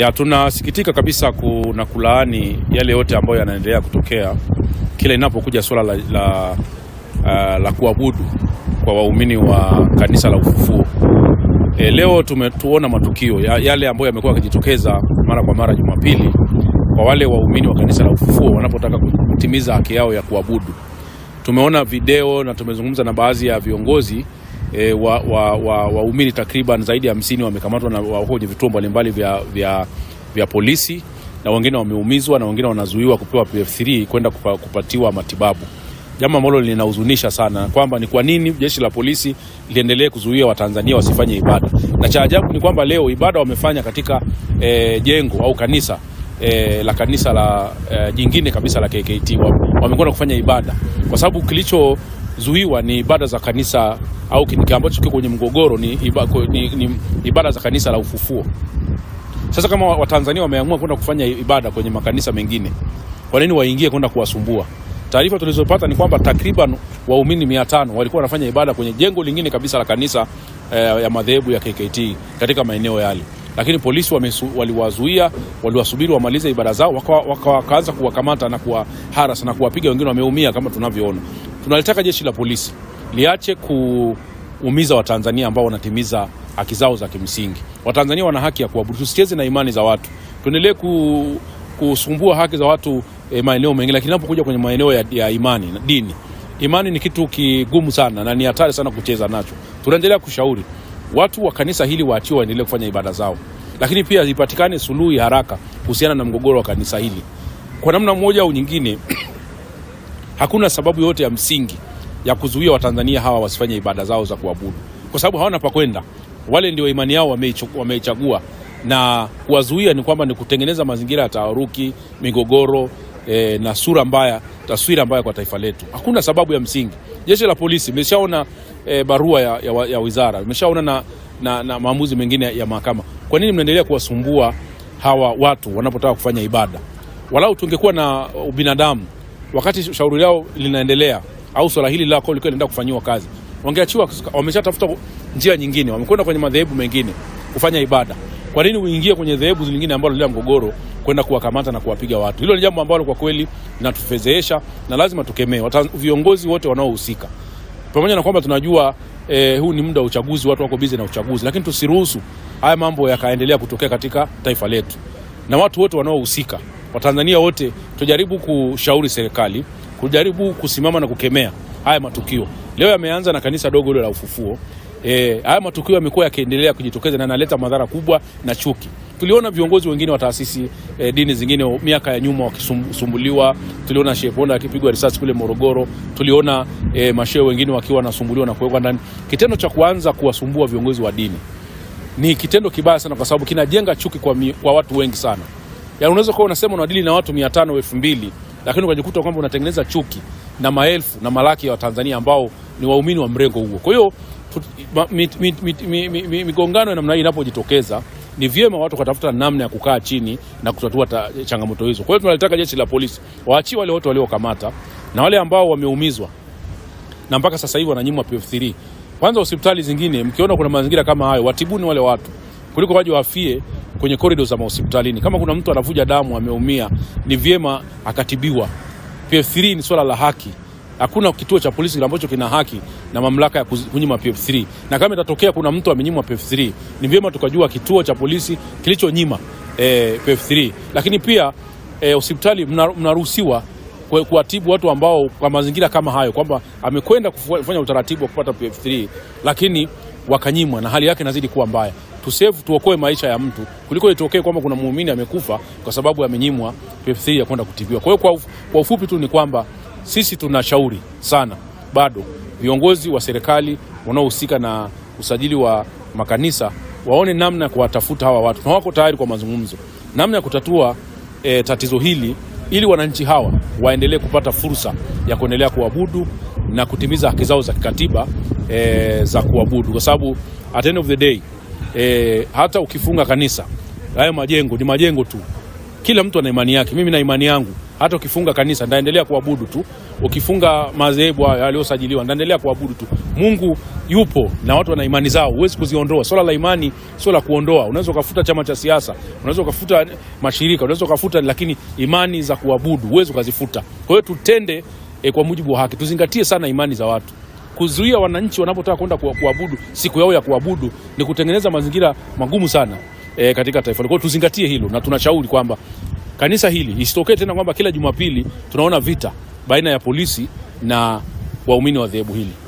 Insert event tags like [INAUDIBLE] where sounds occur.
ya tunasikitika kabisa kuna kulaani yale yote ambayo yanaendelea kutokea kila inapokuja suala la, la, uh, la kuabudu kwa waumini wa kanisa la Ufufuo. E, leo tumetuona matukio ya, yale ambayo yamekuwa yakijitokeza mara kwa mara Jumapili kwa wale waumini wa kanisa la Ufufuo wanapotaka kutimiza haki yao ya kuabudu. Tumeona video na tumezungumza na baadhi ya viongozi e, waumini wa, wa takriban zaidi ya hamsini wamekamatwa na kwenye vituo mbalimbali vya, vya, vya polisi na wengine wameumizwa na wengine wanazuiwa kupewa PF3 kwenda kupatiwa matibabu, jambo ambalo linahuzunisha sana, kwamba ni kwa nini jeshi la polisi liendelee kuzuia Watanzania wasifanye ibada. Na cha ajabu ni kwamba leo ibada wamefanya katika e, jengo au kanisa E, la kanisa la e, jingine kabisa la KKT wamekuwa na kufanya ibada kwa sababu kilicho zuiwa ni ibada za kanisa au kile ambacho kiko kwenye mgogoro ni, iba, ni, ni ibada za kanisa la ufufuo. Sasa kama Watanzania wameamua kwenda kufanya ibada kwenye makanisa mengine, kwa nini waingie kwenda kuwasumbua? Taarifa tulizopata ni kwamba takriban waumini 500 walikuwa wanafanya ibada kwenye jengo lingine kabisa la kanisa eh, ya madhehebu ya KKT katika maeneo yale, lakini polisi waliwazuia, waliwasubiri wamalize ibada zao, wakaanza waka, waka kuwakamata na kuwa haras na kuwapiga, wengine wameumia kama tunavyoona. Tunalitaka jeshi la polisi liache kuumiza Watanzania ambao wanatimiza haki zao za kimsingi. Watanzania wana haki ya kuabudu, tusicheze na imani za watu, tuendelee ku, kusumbua haki za watu e, maeneo mengine, lakini napokuja kwenye maeneo ya, ya imani na dini, imani ni kitu kigumu sana na ni hatari sana kucheza nacho. Tunaendelea kushauri watu wa kanisa hili waachiwe waendelee kufanya ibada zao, lakini pia ipatikane suluhi haraka kuhusiana na mgogoro wa kanisa hili kwa namna moja au nyingine. [CLEARS THROAT] Hakuna sababu yote ya msingi ya kuzuia Watanzania hawa wasifanye ibada zao za kuabudu, kwa sababu hawana pa kwenda. Wale ndio imani yao wameichagua, na kuwazuia ni kwamba ni kutengeneza mazingira ya taharuki, migogoro e, na sura mbaya, taswira mbaya kwa taifa letu. Hakuna sababu ya msingi. Jeshi la polisi imeshaona e, eh, barua ya, ya, ya wizara imeshaona na, na, na maamuzi mengine ya mahakama. Kwa nini mnaendelea kuwasumbua hawa watu wanapotaka kufanya ibada? Walau tungekuwa na ubinadamu wakati shauri lao linaendelea au swala hili lako likiwa linaenda kufanyiwa kazi, wangeachiwa. Wameshatafuta njia nyingine, wamekwenda kwenye madhehebu mengine kufanya ibada. Kwa nini uingie kwenye dhehebu zingine ambalo lina mgogoro kwenda kuwakamata na kuwapiga watu? Hilo ni jambo ambalo kwa kweli linatufezeesha na lazima tukemee viongozi wote wanaohusika, pamoja na kwamba tunajua eh, huu ni muda wa uchaguzi, watu wako bize na uchaguzi, lakini tusiruhusu haya mambo yakaendelea kutokea katika taifa letu, na watu wote wanaohusika Watanzania wote tujaribu kushauri serikali kujaribu kusimama na kukemea haya matukio. Leo yameanza na kanisa dogo hilo la Ufufuo. E, haya matukio yamekuwa yakiendelea kujitokeza na yanaleta madhara kubwa na chuki. Tuliona viongozi wengine wa taasisi e, dini zingine miaka ya nyuma wakisumbuliwa. Tuliona Sheikh Ponda akipigwa risasi kule Morogoro. Tuliona e, mashehe wengine wakiwa wanasumbuliwa na kuwekwa ndani. Kitendo cha kuanza kuwasumbua viongozi wa dini ni kitendo kibaya sana, kwa sababu kinajenga chuki kwa, mi, kwa watu wengi sana. Yaani unaweza kuwa unasema unawadili na watu 500 2000 lakini ukajikuta kwamba unatengeneza chuki na maelfu na malaki ya Watanzania ambao ni waumini wa mrengo huo. Kwa hiyo migongano ya namna hii inapojitokeza ni vyema watu katafuta namna ya kukaa chini na kutatua changamoto hizo. Kwa hiyo tunalitaka jeshi la polisi waachie wale wote waliokamata na wale ambao wameumizwa na mpaka sasa hivi wananyimwa PF3. Kwanza hospitali zingine, mkiona kuna mazingira kama hayo, watibuni wale watu kuliko waje wafie kwenye korido za mahospitalini. Kama kuna mtu anavuja damu ameumia, ni vyema akatibiwa. PF3 ni swala la haki. Hakuna kituo cha polisi ambacho kina haki na mamlaka ya kunyima PF3, na kama itatokea kuna mtu amenyimwa PF3, ni vyema tukajua kituo cha polisi kilichonyima eh, PF3. Lakini pia eh, hospitali eh, mnaruhusiwa kuwatibu watu ambao kwa mazingira kama hayo, kwamba amekwenda kufanya utaratibu wa kupata PF3 lakini wakanyimwa na hali yake inazidi kuwa mbaya. tusevu tuokoe maisha ya mtu kuliko itokee kwamba kuna muumini amekufa kwa sababu amenyimwa ya kwenda kutibiwa. Kwa hiyo kwa ufupi tu ni kwamba sisi tunashauri sana bado viongozi wa serikali wanaohusika na usajili wa makanisa waone namna ya kuwatafuta hawa watu na wako tayari kwa mazungumzo, namna ya kutatua e, tatizo hili ili wananchi hawa waendelee kupata fursa ya kuendelea kuabudu na kutimiza haki zao za kikatiba e, za kuabudu, kwa sababu at end of the day e, hata ukifunga kanisa, haya majengo ni majengo tu, kila mtu ana imani yake. Mimi na imani yangu, hata ukifunga kanisa ndaendelea kuabudu tu, ukifunga madhehebu hayo yaliyosajiliwa ndaendelea kuabudu tu. Mungu yupo na watu wana imani zao, huwezi kuziondoa. Swala la imani sio la kuondoa. Unaweza ukafuta chama cha siasa, unaweza ukafuta mashirika, unaweza ukafuta, lakini imani za kuabudu huwezi ukazifuta. Kwa hiyo tutende e, kwa mujibu wa haki, tuzingatie sana imani za watu kuzuia wananchi wanapotaka kwenda kuabudu siku yao ya kuabudu ni kutengeneza mazingira magumu sana e, katika taifa. Kwa hiyo tuzingatie hilo na tunashauri kwamba kanisa hili isitokee tena kwamba kila Jumapili tunaona vita baina ya polisi na waumini wa dhehebu hili.